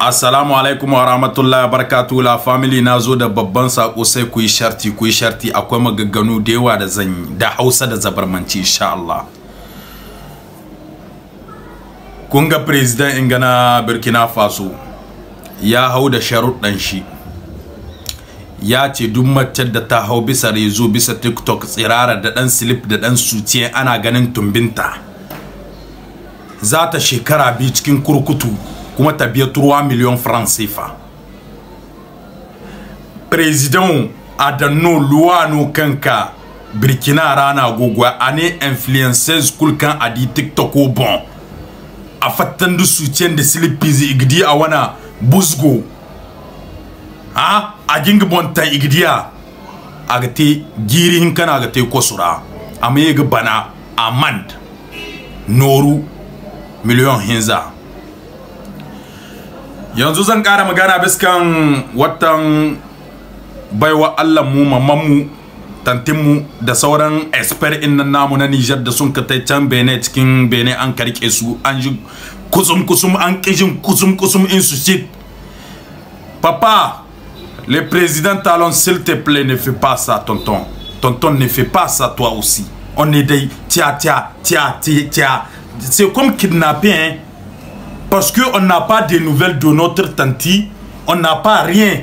Assalamu alaikum wa rahmatullahi barakatu la family na zo da babban sako sai ku yi sharti ku yi sharti akwai magagganu da yawa da zan da Hausa da zabarmanci insha Allah. Kun ga president ingana Burkina Faso ya hau da sharuɗan shi. Ya ce duk macen da ta hau bisa rezo bisa TikTok tsirara da dan slip da ɗan sutiye ana ganin tumbinta. Za ta shekara biyu cikin kurkutu. as bien 3 millions de francs CFA président adanno kanka burkina rana gogwa ani influenceuse kulkan dit tiktok bon a tant soutien de silipizi Il a wana busgo ah, a bonta igidiya agati Ils hinkana agati kosura ama bana amand noru million hinza yanzu zan kara magana biskan watan baiwa allah mu mamanmu tantinmu da sauran esper in nan namu na nijar da sun kai can bene cikin bene an karke su an ji kusum kusum an kijin kusum kusum in su shit papa le president talon s'il te plaît ne fait pas ça tonton tonton ne fait pas ça toi aussi on est des tia tia tia tia tia c'est comme kidnapper hein Parce qu'on n'a pas de nouvelles de notre tanti. On n'a pas rien.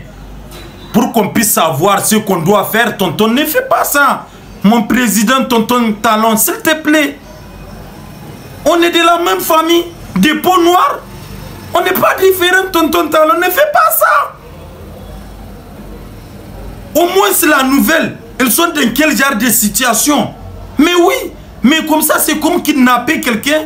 Pour qu'on puisse savoir ce qu'on doit faire, tonton, ne fais pas ça. Mon président, tonton Talon, s'il te plaît. On est de la même famille, des peaux noires. On n'est pas différents, tonton Talon. Ne fais pas ça. Au moins, c'est la nouvelle. Elles sont dans quel genre de situation Mais oui, mais comme ça, c'est comme kidnapper quelqu'un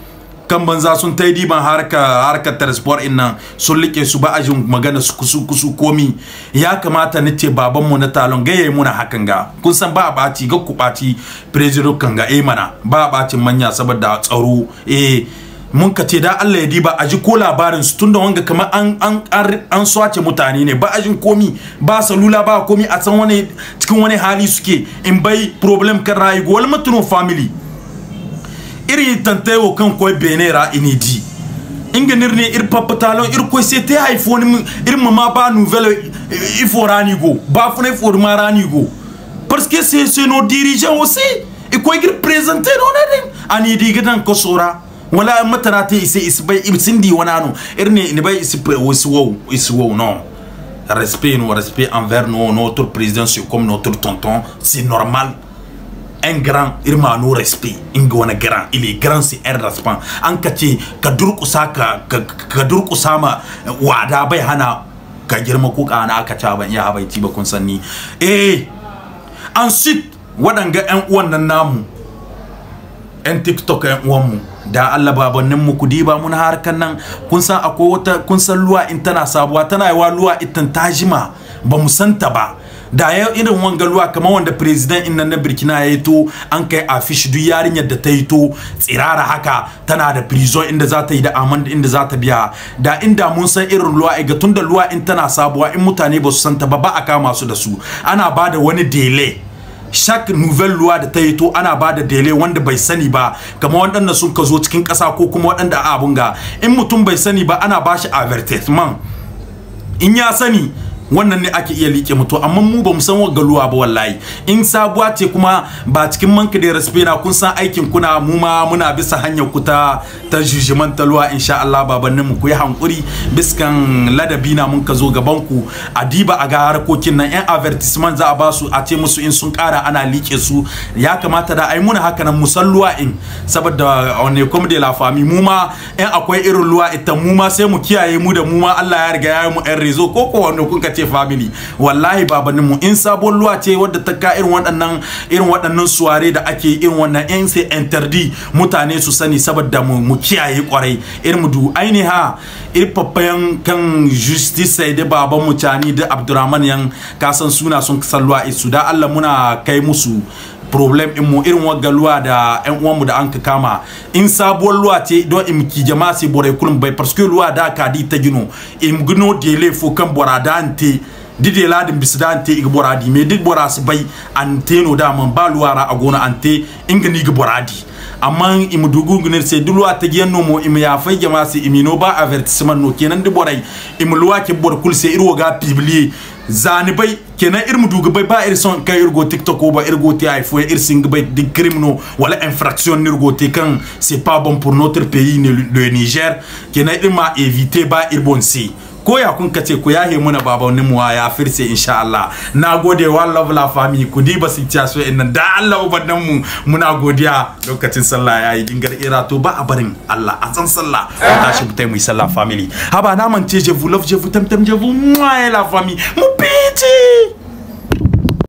kan banza sun ta diban harka harkar transport in nan sun like su ba jin magana su kusu kusu komi ya kamata ni ce babanmu mu na talon gaye muna hakan ga kun san ba baci ga ku baci president kan ga eh mana ba a baci manya saboda tsaro eh mun ka ce da Allah ya diba a ji ko labarin su tunda wanga kamar an an an swace mutane ne ba jin komi ba salula ba komi a san wani cikin wani hali suke in bai problem kan rayu wal family iri tante wo kan koy benera inidi ingenir ni ir papatalon ir koy sete ay foni ir mama ba nouvelle il faut rani go ba fone for marani go parce que c'est c'est nos dirigeants aussi e koy gir présenter non eden ani digitan ko sura wala matarate ise isbay ibsindi wanano irne ne bay isbay woswo iswo non respect nous respect envers nous notre président c'est comme notre tonton c'est normal un grand irma no respect inga wani grand il est grand c'est un respect an ka ce ka durkusa ka ma wada bai hana ka girma ko kana aka ca ban iya habaiti ba kun sanni eh ensuite waɗanga 'yan uwan nan namu 'yan tiktok uwan mu da Allah babannin mu kudi ba mun harkan nan kun san akwai wata kun san luwa in tana sabuwa tana yawa luwa itin tajima ba mu santa ba da ya irin luwa kamar wanda president ina na birkina ya to an kai afish duk yarinyar da ta yi to tsirara haka tana da prison inda za ta yi da amanda inda za ta biya da inda mun san irin luwa ga tun da luwa in tana sabuwa in mutane ba su san ta ba ba a kama su da su ana ba da wani delay shak nouvelle loi da ta yi to ana ba da dele wanda bai sani ba kamar waɗanda sun ka zo cikin ƙasa ko kuma waɗanda a abun ga in mutum bai sani ba ana ba shi advertisement in ya sani wannan ne ake iya liƙe mu to amma mu ba mu san galuwa ba wallahi in sabuwa ce kuma ba cikin manka da na kun san aikin kuna mu ma muna bisa hanyar ku ta ta talwa insha Allah babannin mu ku yi hankuri biskan ladabi na mun ka zo gaban ku a diba a ga harkokin nan yan advertisement za a ba su a ce musu in sun kara ana liƙe su ya kamata da ai muna haka nan luwa in saboda ne kuma da lafami mu ma yan akwai irin luwa ita mu ma sai mu kiyaye mu da mu ma Allah ya riga ya mu yan rezo ko ko kun ka ce ce family wallahi babanin mu in sabon luwa ce wadda ta ka irin waɗannan irin waɗannan suware da ake irin wannan yan sai mutane su sani saboda mu kiyaye kwarai irin mu du ainiha papayan kan justice sai da baban mu cani da abdurrahman yan kasan suna sun salwa isu da Allah muna kai musu problem in mu irin wagga luwa da yan uwanmu da an ka kama in sabuwar luwa ce don im ki jama'a sai borai kulum bai parce que luwa da ka di ta gino im gino dele fo kan borada ante dide ladin bisida ante ig boradi me did borasi bai ante no da man ba luwara agona ante inga ni ga boradi amma imu dugu gunir sai dulu a tagiyan nomo imu ya fai jama si imino ba avertisement no kenan di borai imu luwa ke bor kul sai irwo ga publier zanibai kenan irmu dugubai ba ir son kai irgo tiktok ba irgo ti fo ir singbai di criminal wala infraction nirgo te c'est pas bon pour notre pays le Niger kenan irma éviter ba irbon si koya kun ka ce ku yahe muna babanin mu ya firse insha Allah na gode wa love la fami ku diba su ta so inna da Allah ubannan mu muna godiya lokacin sallah yayi dingar ira to ba a barin Allah a san sallah ta shi mutai mu sallah family haba na mance je vous love je vous tam tam je vous la fami mu piti